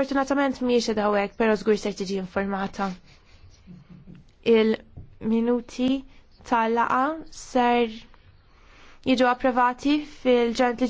Fortunatament Sfortunatament miex dawek, pero żgur se tiġi informata. Il-minuti tal-laqa ser jiġu approvati fil-ġant